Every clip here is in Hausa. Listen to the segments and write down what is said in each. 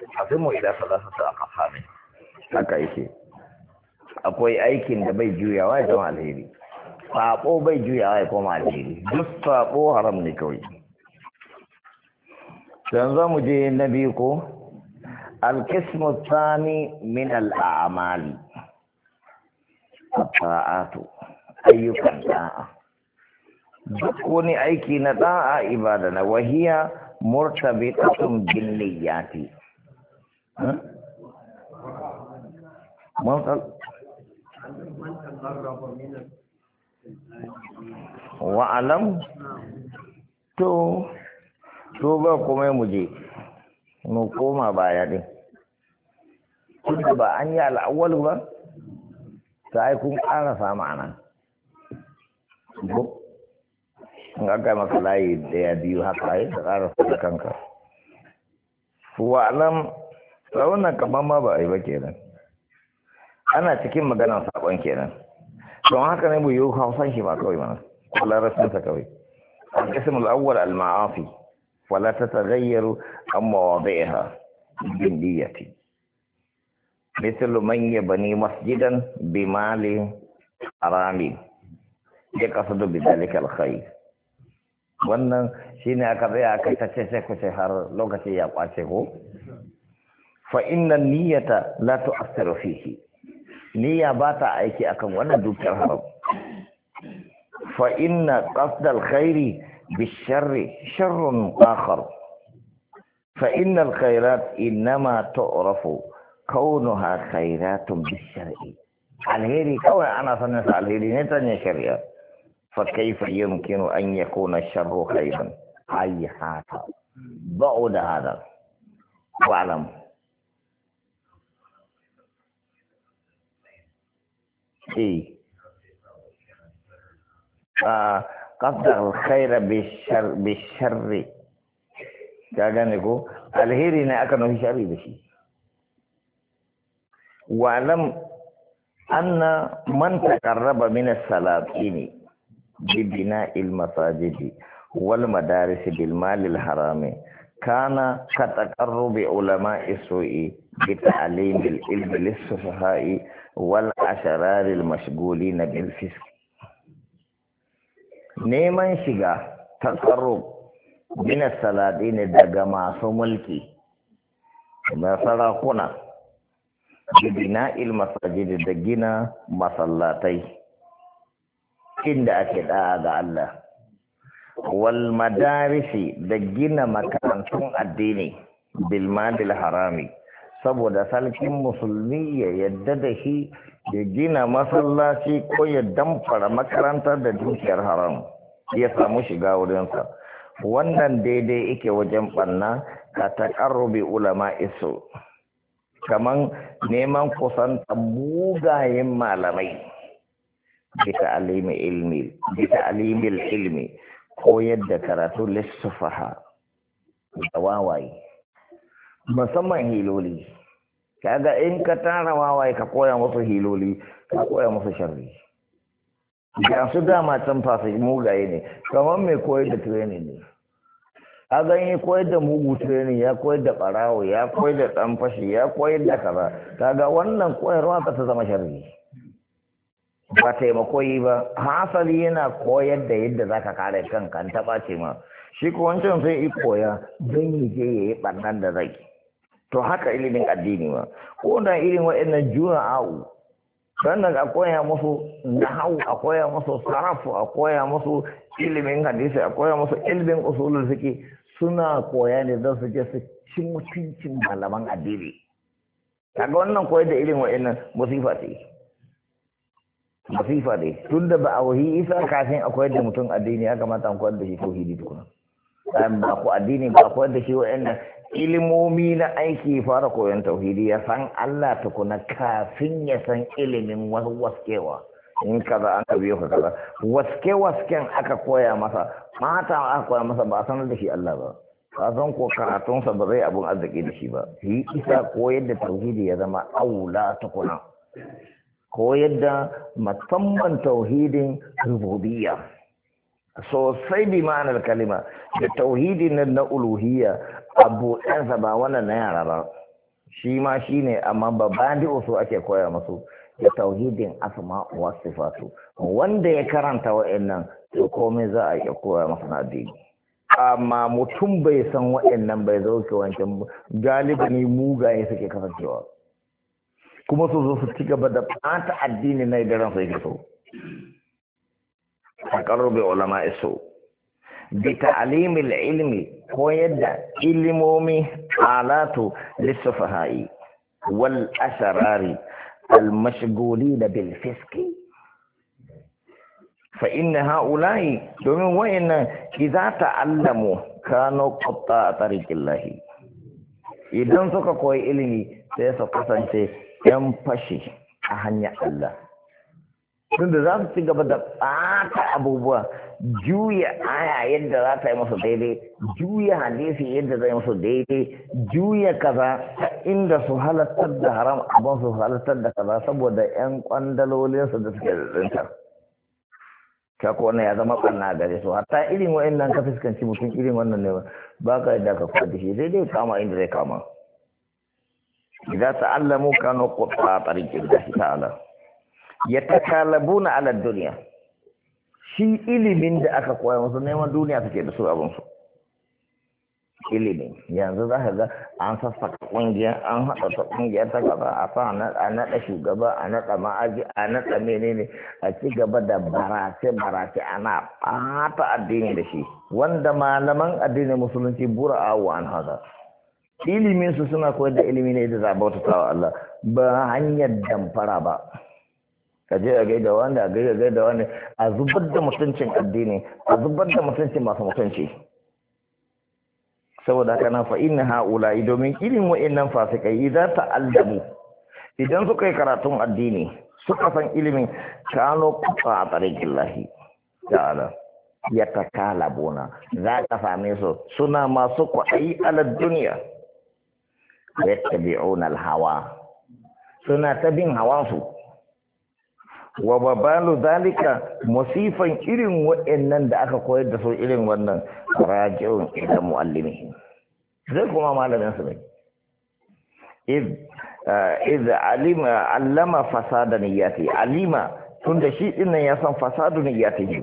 idan ila su a kafamin haka yake akwai aikin da bai juyawa ya zama alheri sabo bai juyawa ya koma alheri duk sabo haram ne kawai dan za mu je na biyu ko alkismu tsani min al'amali ta'atu ayyukan da'a duk wani aiki na da'a ibada na wahiya murtabitatun bin niyyati man to to ba kuma mu je mu koma baya din kuma ba an yi al'awwal ba ta ai kun ƙarasa ma'ana ko in aka maka layi daya biyu haka yi ka ƙara da kanka wa'alam ba wannan kaman ma ba a yi ba kenan ana cikin maganar sabon kenan don haka ne mu yi hausan shi ba kawai mana kula rasu ta kawai a kisim al'awar alma'afi maafi wala ta ta gayyaru an mawabe ha bindiyati misalu manya bani masjidan bi mali arami ya kasa da bidalik al wannan shine aka zai ta ce sai kusa har lokaci ya kwace ko فإن النية لا تؤثر فيه نية باتا أيكي أكم وانا دوكر هرب فإن قصد الخير بالشر شر آخر فإن الخيرات إنما تعرف كونها خيرات بالشر الهيري كون أنا سنسى الهيري نتن يشريا فكيف يمكن أن يكون الشر خيرا أي حاطة بعد هذا واعلم شيء إيه. آه، قدر الخير بالشر بالشر كأجل يقول الخير هنا أكنه في شر بشي وعلم أن من تقرب من السلاطين ببناء المساجد والمدارس بالمال الحرام كان كتقرب علماء السوء بتعليم العلم للسفهاء ashararil mashguli na bilfis neman shiga tasarruf gina salade ne daga masu mulki na sarakuna bibina ilmasajid da gina masallatai inda ake da'a ga Allah wal madarisi da gina makarantun addini bilmadil harami saboda sarkin musulmi ya yadda da shi ya gina masallaci ko ya damfara makarantar da dukiyar haram ya samu shiga wurinsa wannan daidai ike wajen ɓanna ka taƙarrubi ulama iso kaman neman kusan bugayen malamai bita alimi ilmi ko yadda ilmi ko yadda karatu lissufaha da wawaye musamman hiloli kaga in ka tara wawaye ka koya musu hiloli ka koya musu sharri ga su dama can fasa mugaye ne kamar mai koyar da training ne a ganye koyar da mugu training ya koyar da barawo ya koyar da dan fashi ya koyar da kaza kaga wannan koyarwa ka ta zama sharri ba taimako yi ba hasali yana koyar da yadda zaka kare kanka an ce ma shi ko wancan sai i koya don yi je yayi barnan da zai to haka ilimin addini ma ko da irin juna, au. sannan a koya musu nahau a koya musu sarafu a koya musu ilimin hadisi a koya musu ilimin usulul fiqi suna koya ne don su je su cin mutuncin malaman addini kaga wannan koyar da irin waɗannan musifa ce masifa ne tun da ba a wahi isa kafin a koyar da mutum addini ya kamata an koyar da shi tauhidi tukuna ba ku addini ba koyar da shi wa'annan ilimomi na aiki fara koyon tauhidi ya san Allah tukuna kafin ya san ilimin waskewa in kaza an ka biyo ka kaza waske wasken aka koya masa mata aka koya masa ba a sanar da shi Allah ba ka san ko sa ba zai abun arziki da shi ba shi isa koyar da tauhidi ya zama aula tukuna koyar da musamman tauhidin rububiyya sosai bi ma'anar kalima da tauhidin na uluhiyya abu ɗansa ba wannan na yara ba shi ma shi ne amma babban su ake koya masu da tauhidin asma wa sifatu wanda ya karanta wa'annan to komai za a iya koya masa na addini amma mutum bai san wa'annan bai zo ke wancan galibi mugaye suke kasancewa kuma su zo su ci gaba da ɓata addini na idan ransa yake so a bai ulama iso bi ta'limil ilmi koyar da ilimomi alatu lissufahai wal asharari al da bil fiski fa inna haula'i domin wayannan idza ta'allamu kanu qatta tariqillahi idan suka koyi ilimi sai su kasance yan fashi a hanyar Allah tunda za su ci gaba da ɓata abubuwa juya aya yadda za ta yi masa daidai juya hadisi yadda zai masa daidai juya kaza inda su halattar da haram abin su halattar da kaza saboda yan kwandalolinsu da suke rintar kako wannan ya zama ɓanna gare su hatta irin wa'annan ka fuskanci mutum irin wannan ne ba ka yadda ka kwadi shi dai kama inda zai kama idza ta'allamu kanu qutta tariqil lahi ta'ala yatakalabuna ala dunya shi ilimin da aka koya masu neman duniya suke da su abinsu ilimin yanzu za ka ga an sassaka kungiyar an haɗa ta kungiyar ta gaba a fa a naɗa shugaba a naɗa ma'aji a naɗa menene a ci gaba da barace barace ana ɓata addini da shi wanda malaman addinin musulunci bura a an haza ilimin su suna koyar da ilimi ne da zaɓa wata Allah ba hanyar damfara ba ka je a gaida wani a gaida gaida wani a zubar da mutuncin addini a zubar da mutuncin masu mutunci saboda haka na fa'in na ha'ula'i domin irin wa'in fasikai idan ta aldamu idan suka yi karatun addini suka san ilimin kano kuka a tsarikin lahi ta'ala ya ta bona za ka same su suna masu kwaɗayi alar duniya ya tabi'un hawa suna ta bin hawansu wa babalu zalika musifan irin wa'annan da aka koyar da su irin wannan raji'un idan muallimi zai kuma malamin su ne eh, iz alima allama fasada niyyati alima tunda shi din nan ya san fasadu niyyatihi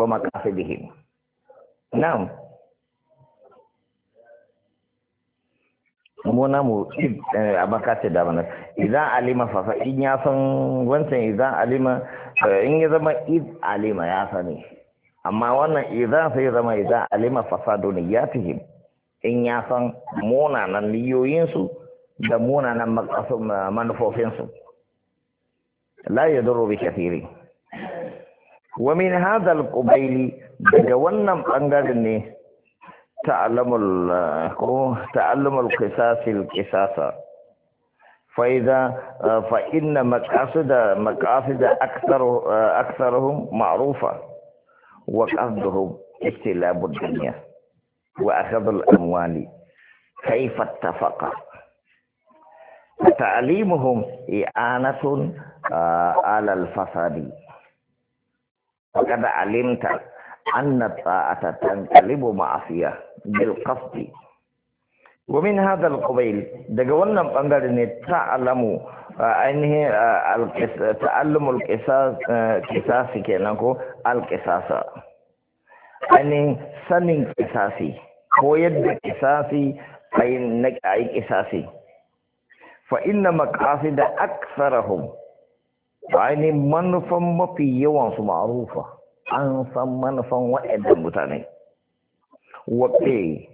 wa maqasidihi na'am mu na mu a da mana idan alima fafa in ya san wancan idan alima eh, in ya zama id alima ya sani amma wannan idan sai zama idan alima fasado doni ya fihim in ya san munanan niyoyinsu da munanan manufofinsu la ya duro bi kafiri wa min hadal qubaili daga wannan bangaren ne ta'allamul eh, ko ta'allamul qisasil qisasa فإذا آه، فإن مقاصد مقاصد أكثر آه، أكثرهم معروفة وقصدهم اجتلاب الدنيا وأخذ الأموال كيف اتفق تعليمهم إعانة آه، على الفساد وقد علمت أن الطاعة تنقلب معصية بالقصد ومن هذا القبيل دقونا بانجر نتعلم انه آه، آه، تعلم القصاص آه، قصاص كينكو القصاص ان سنين قصاصي هو يد قصاصي فإن نكعي قصاصي فإن مقاصد أكثرهم وعين منفى ما في يوانس أن أنسى منفى وإدى متاني وكي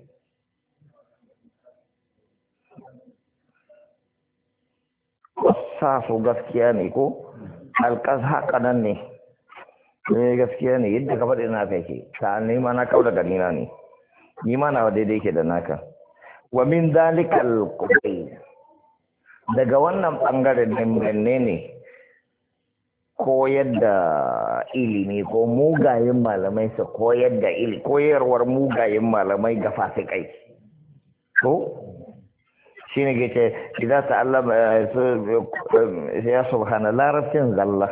sa su gaskiya ne ko haƙa nan ne ne gaskiya ne yadda ka faɗi naka yake ta nema na kawo daga nina ne ni ma na daidai ke da naka wa min zalikal kudai daga wannan bangaren ne menene ne koyar da ilimi ko mugayen malamai su koyar da ilimi koyarwar mugayen malamai ga fasikai ko shi ne ke ce idan ta Allah eh, ya subhana larabcin zalla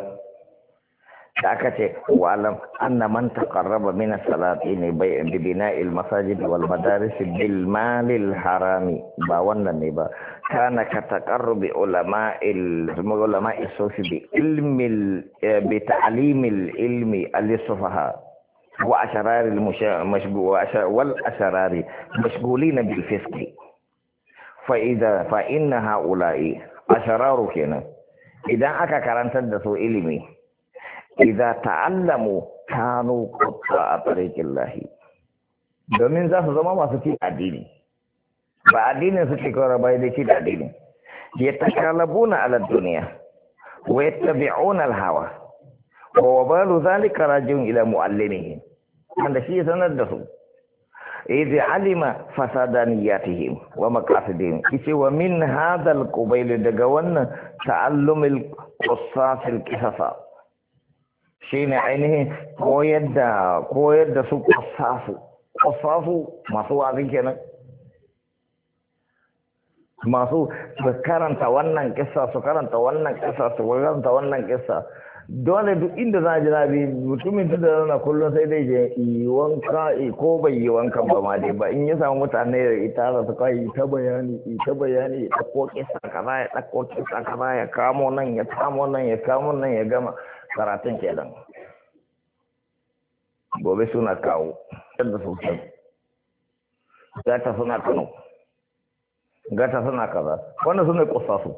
da aka ce wa'alam anna man taqarraba min as-salati ne bai bi bina'il masajid wal madaris bil malil harami ba wannan ne ba kana ka taqarrubi ulama'il ulama'is bi ilmi eh, bi ta'limil ilmi al-sufaha wa asharar al bil fisqi fa'ida fa'inna ha'ula'i ashararu kenan idan aka karantar da su ilimi idan ta'allamu kanu kutta a tarikin lahi domin za su zama masu ci addini ba addinin suke kawar bai da ci da addini ya takalabuna ala duniya wa yattabi'una al-hawa wa wabalu zalika rajiun ila muallimihi wanda shi sanar da su idh alima fasadaniyatihim wa maqasidihim kice wa min hadal qubayl daga wannan ta'allumil qussas al qisasa shine ainihin koyar da koyar da su kusafu qassasu masu wazi kenan masu karanta wannan kissa su karanta wannan kissa su karanta wannan kissa dole duk inda za a ji rabi mutumin da zauna kullum sai dai je yiwon wanka eh, ko bai yi wanka ba ma dai ba in ya samu mutane da ita za su kai ta bayani ita bayani ya ɗauko kisa kaza ya ɗauko kisa kaza ya kamo nan ya kamo nan ya kamo nan ya gama karatun kenan gobe suna kawo yadda sosai gata suna kano gata suna kaza wannan suna kusa su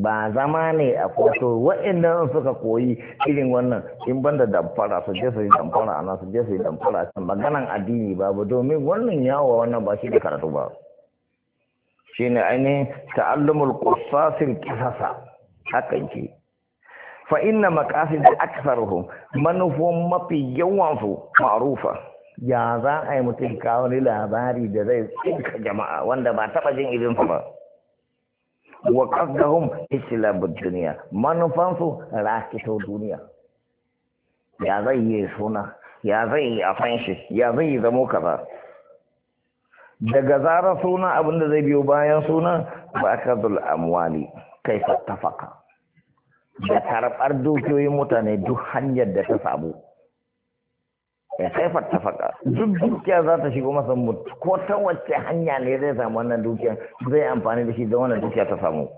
ba zama ne a kwato wa'annan suka koyi irin wannan in ban da damfara su je su yi damfara a su je su yi damfara a can maganan addini ba, domin wannan yawo wannan ba shi da karatu ba shi ne ainihin ta'allumul qassasil qisasa hakan ke fa inna maqasid aktharuhum manufum mafi yawan su ma'rufa ya za a yi mutum kawo ni labari da zai tsinka jama'a wanda ba taba jin irin ba wa qasdahum islabud duniya manufansu rakito duniya ya zai yi suna ya zai yi fanshi ya zai yi zamo kaza daga zarar suna abin da zai biyo bayan suna ba akadul amwali kai fattafaka da tarbar dukiyoyin mutane duk hanyar da ta samu ya kaifar ta faka duk dukiya za ta shigo masa mutu ko ta wacce hanya ne zai samu wannan dukiya zai amfani da shi da wannan dukiya ta samu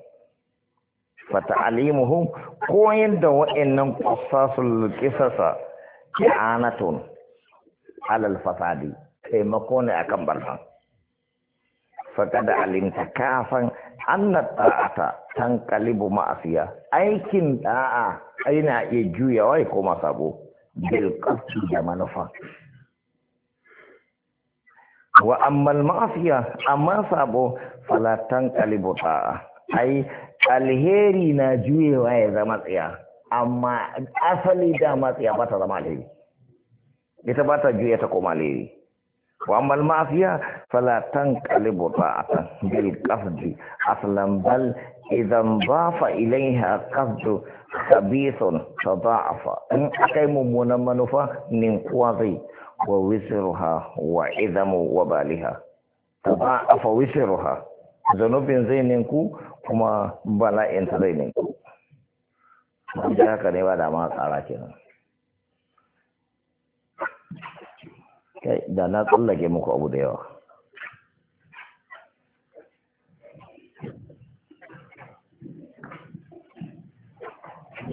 fata alimuhu ko yadda wa'annan qasasul qisasa anatun alal fasadi taimako ne akan barna faqad alimta kafan anna ta'ata Tankalibu ma'asiya aikin da'a aina iya juyawa ko koma sabo bil qasdi da manufa wa ammal ma'asiya amma sabo falatan qalibu ai alheri na juyewa ya zama tsaya amma asali da matsiya ba ta zama alheri ita ba ta juya ta koma alheri wa ammal ma'asiya falatan qalibu bil qasdi aslan bal idan bafa ilaiha qasdu khabithun tada'afa in akai mummunan manufa nin kuwa zai wa wisiruha wa idamu wa baliha tada'afa wisiruha zanubin zai ninku kuma bala'in ta zai ninku da haka ne ba da ma tsara nan. da na tsallake muku abu da yawa